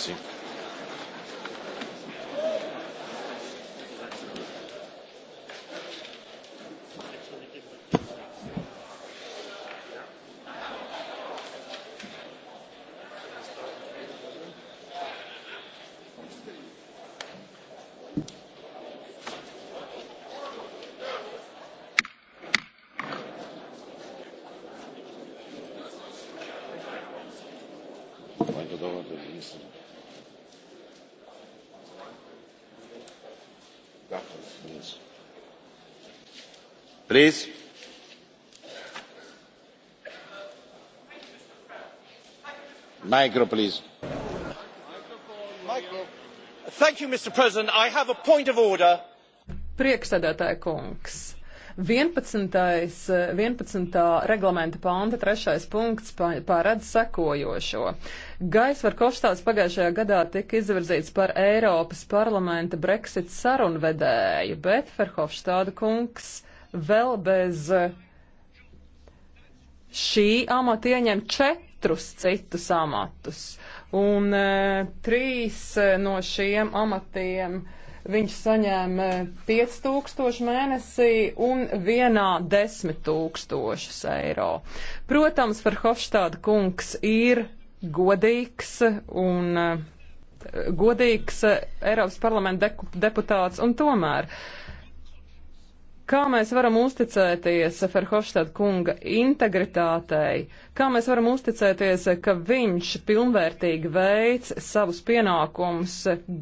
Grazie. Yes. Please. Micro, please. Micro. You, mr president i have a point of order. priekšsēdētāja kungs 11. 11. reglamenta panta trešais punkts pārēdz sekojošo. Gais var Kofstāts pagājušajā gadā tika izvirzīts par Eiropas parlamenta Brexit sarunvedēju, bet Ferhofstāda kungs vēl bez šī amata ieņem četrus citus amatus. Un e, trīs eh, no šiem amatiem uh, viņš saņēma 5000 mēnesī un vienā 10,000 eiro. Protams, Verhofstāda kungs ir godīgs un eh, godīgs Eiropas parlamenta deputāts, un tomēr Kā mēs varam uzticēties Ferhofstad kunga integritātei? Kā mēs varam uzticēties, ka viņš pilnvērtīgi veic savus pienākumus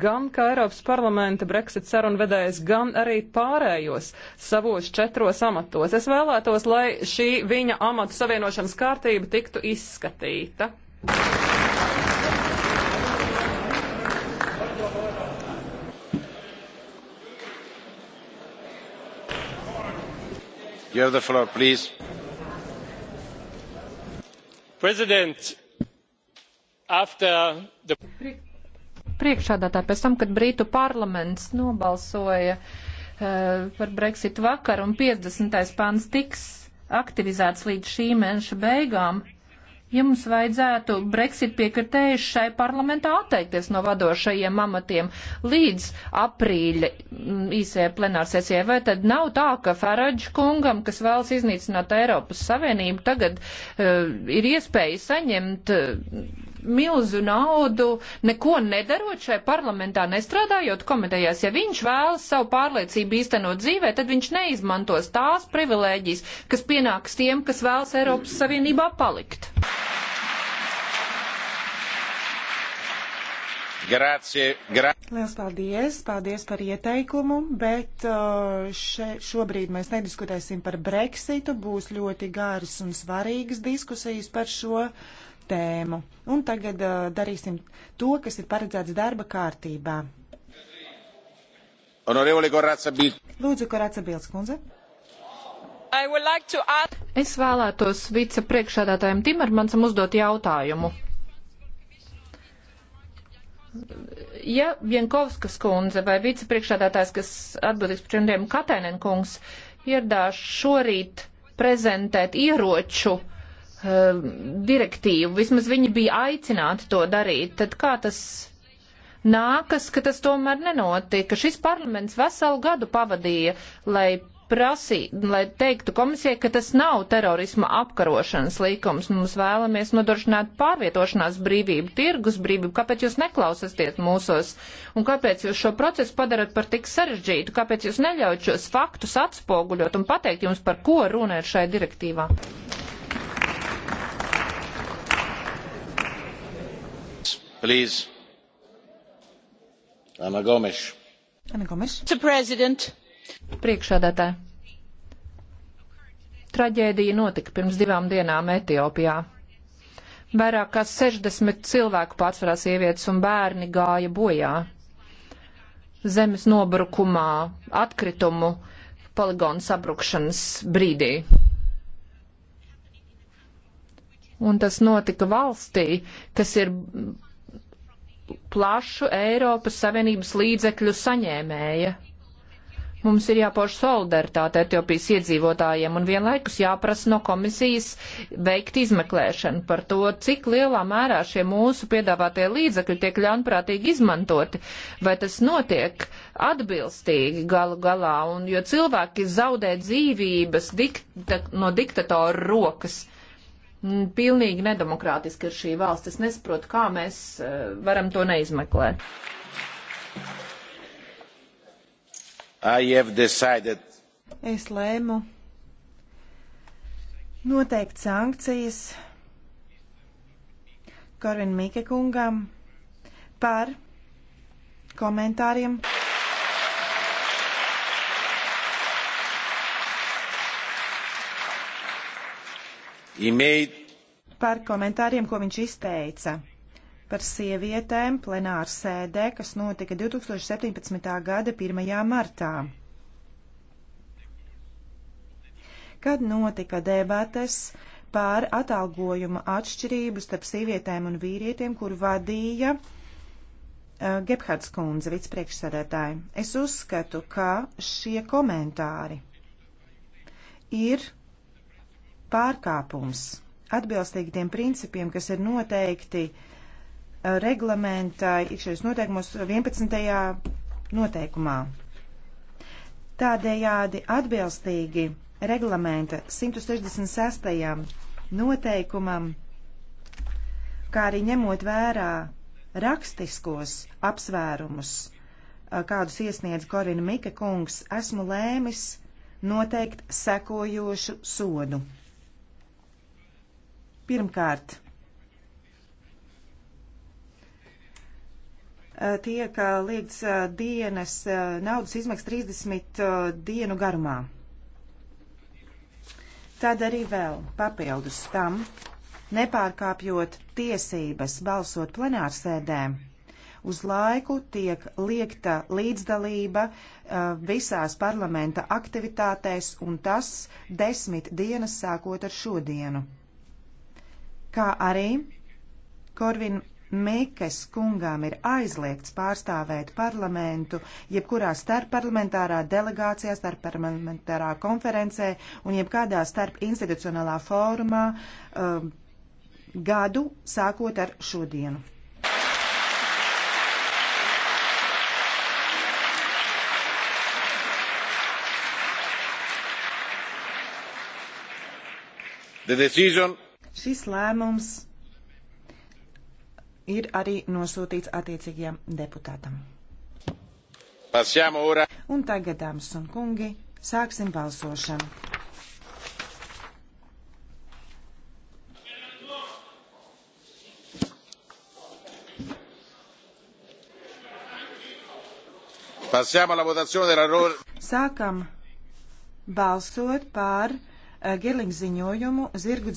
gan kā Eiropas parlamenta Brexit sarunvedējs, gan arī pārējos savos četros amatos? Es vēlētos, lai šī viņa amatu savienošanas kārtība tiktu izskatīta. Thank you. mr president the... priekšsēdētāj pēc tam kad britu parlaments nobalsoja uh, par brexitu vakar un 50. pāns tiks aktivizēts līdz šī mēneša beigām ja mums vajadzētu Brexit piekritējuši šai parlamentā atteikties no vadošajiem amatiem līdz aprīļa mm, īsajai plenārsesijai, vai tad nav tā, ka Faradž kungam, kas vēlas iznīcināt Eiropas Savienību, tagad uh, ir iespēja saņemt uh, milzu naudu, neko nedarot šai parlamentā, nestrādājot komitejās. Ja viņš vēlas savu pārliecību īstenot dzīvē, tad viņš neizmantos tās privilēģijas, kas pienāks tiem, kas vēlas Eiropas Savienībā palikt. Grācie, grā... Liels paldies, paldies par ieteikumu, bet uh, še, šobrīd mēs nediskutēsim par Brexitu. Būs ļoti gāras un svarīgas diskusijas par šo tēmu. Un tagad uh, darīsim to, kas ir paredzēts darba kārtībā. Honorevole Koraca Bild. Lūdzu, Koraca Bilds, kundze. Like add... Es vēlētos vicepriekšādātājiem Timermansam uzdot jautājumu. Ja Vienkovskas kundze vai vicepriekšādātājs, kas atbildīgs par šiem diem Katainen kungs, ieradās šorīt prezentēt ieroču uh, Um, direktīvu, vismaz viņi bija aicināti to darīt, tad kā tas nākas, ka tas tomēr nenotika? Šis parlaments veselu gadu pavadīja, lai prasī, lai teiktu komisijai, ka tas nav terorisma apkarošanas likums. Mums vēlamies nodrošināt pārvietošanās brīvību, tirgus brīvību. Kāpēc jūs neklausasties mūsos? Un kāpēc jūs šo procesu padarat par tik sarežģītu? Kāpēc jūs neļaujat šos faktus atspoguļot un pateikt jums, par ko runa ir šai direktīvā? Please. Anna Gomes. Anna Gomes. Priekšādātāji. Traģēdija notika pirms divām dienām Etiopijā. Vairāk kā 60 cilvēku pārsvarā sievietes un bērni gāja bojā. Zemes nobrukumā, atkritumu, poligonu sabrukšanas brīdī. Un tas notika valstī, kas ir plašu Eiropas Savienības līdzekļu saņēmēja. Mums ir jāpož solidaritāte Etiopijas iedzīvotājiem un vienlaikus jāprasa no komisijas veikt izmeklēšanu par to, cik lielā mērā šie mūsu piedāvātie līdzekļi tiek ļaunprātīgi izmantoti, vai tas notiek atbilstīgi galu galā, un jo cilvēki zaudē dzīvības dikta, no diktatoru rokas Mm, pilnīgi nedemokrātiski ir šī valsts. Es nesaprotu, kā mēs eh, varam to neizmeklēt. Es lēmu noteikt sankcijas Korvin Mike kungam par komentāriem. Par komentāriem, ko viņš izteica par sievietēm plenāra sēdē, kas notika 2017. gada 1. martā. Kad notika debates pār atalgojuma atšķirību starp sievietēm un vīrietiem, kur vadīja uh, Gebhards kundze, vicepriekšsēdētāji. Es uzskatu, ka šie komentāri ir pārkāpums atbilstīgi tiem principiem, kas ir noteikti uh, reglamentā iekšējos noteikumos 11. noteikumā. Tādējādi atbilstīgi reglamenta 166. noteikumam, kā arī ņemot vērā rakstiskos apsvērumus, uh, kādus iesniedz Korina Mika kungs, esmu lēmis noteikt sekojošu sodu. Pirmkārt, eh, tiek eh, liegts eh, dienas naudas izmaksas 30 dienu garumā. Tad arī vēl papildus tam, nepārkāpjot tiesības balsot plenārsēdē, uz laiku tiek liekta līdzdalība visās parlamenta aktivitātēs un tas desmit dienas sākot ar šodienu kā arī Korvin Mikes kungām ir aizliegts pārstāvēt parlamentu jebkurā starpparlamentārā delegācijā, starpparlamentārā konferencē un jebkādā starpinstitucionālā fórumā um, gadu sākot ar šodienu. The decision Šis lēmums ir arī nosūtīts attiecīgajam deputātam. Un tagad, dāmas un kungi, sāksim balsošanu. Sākam balsot par eh, Girlings ziņojumu zirgu dzīvnieku.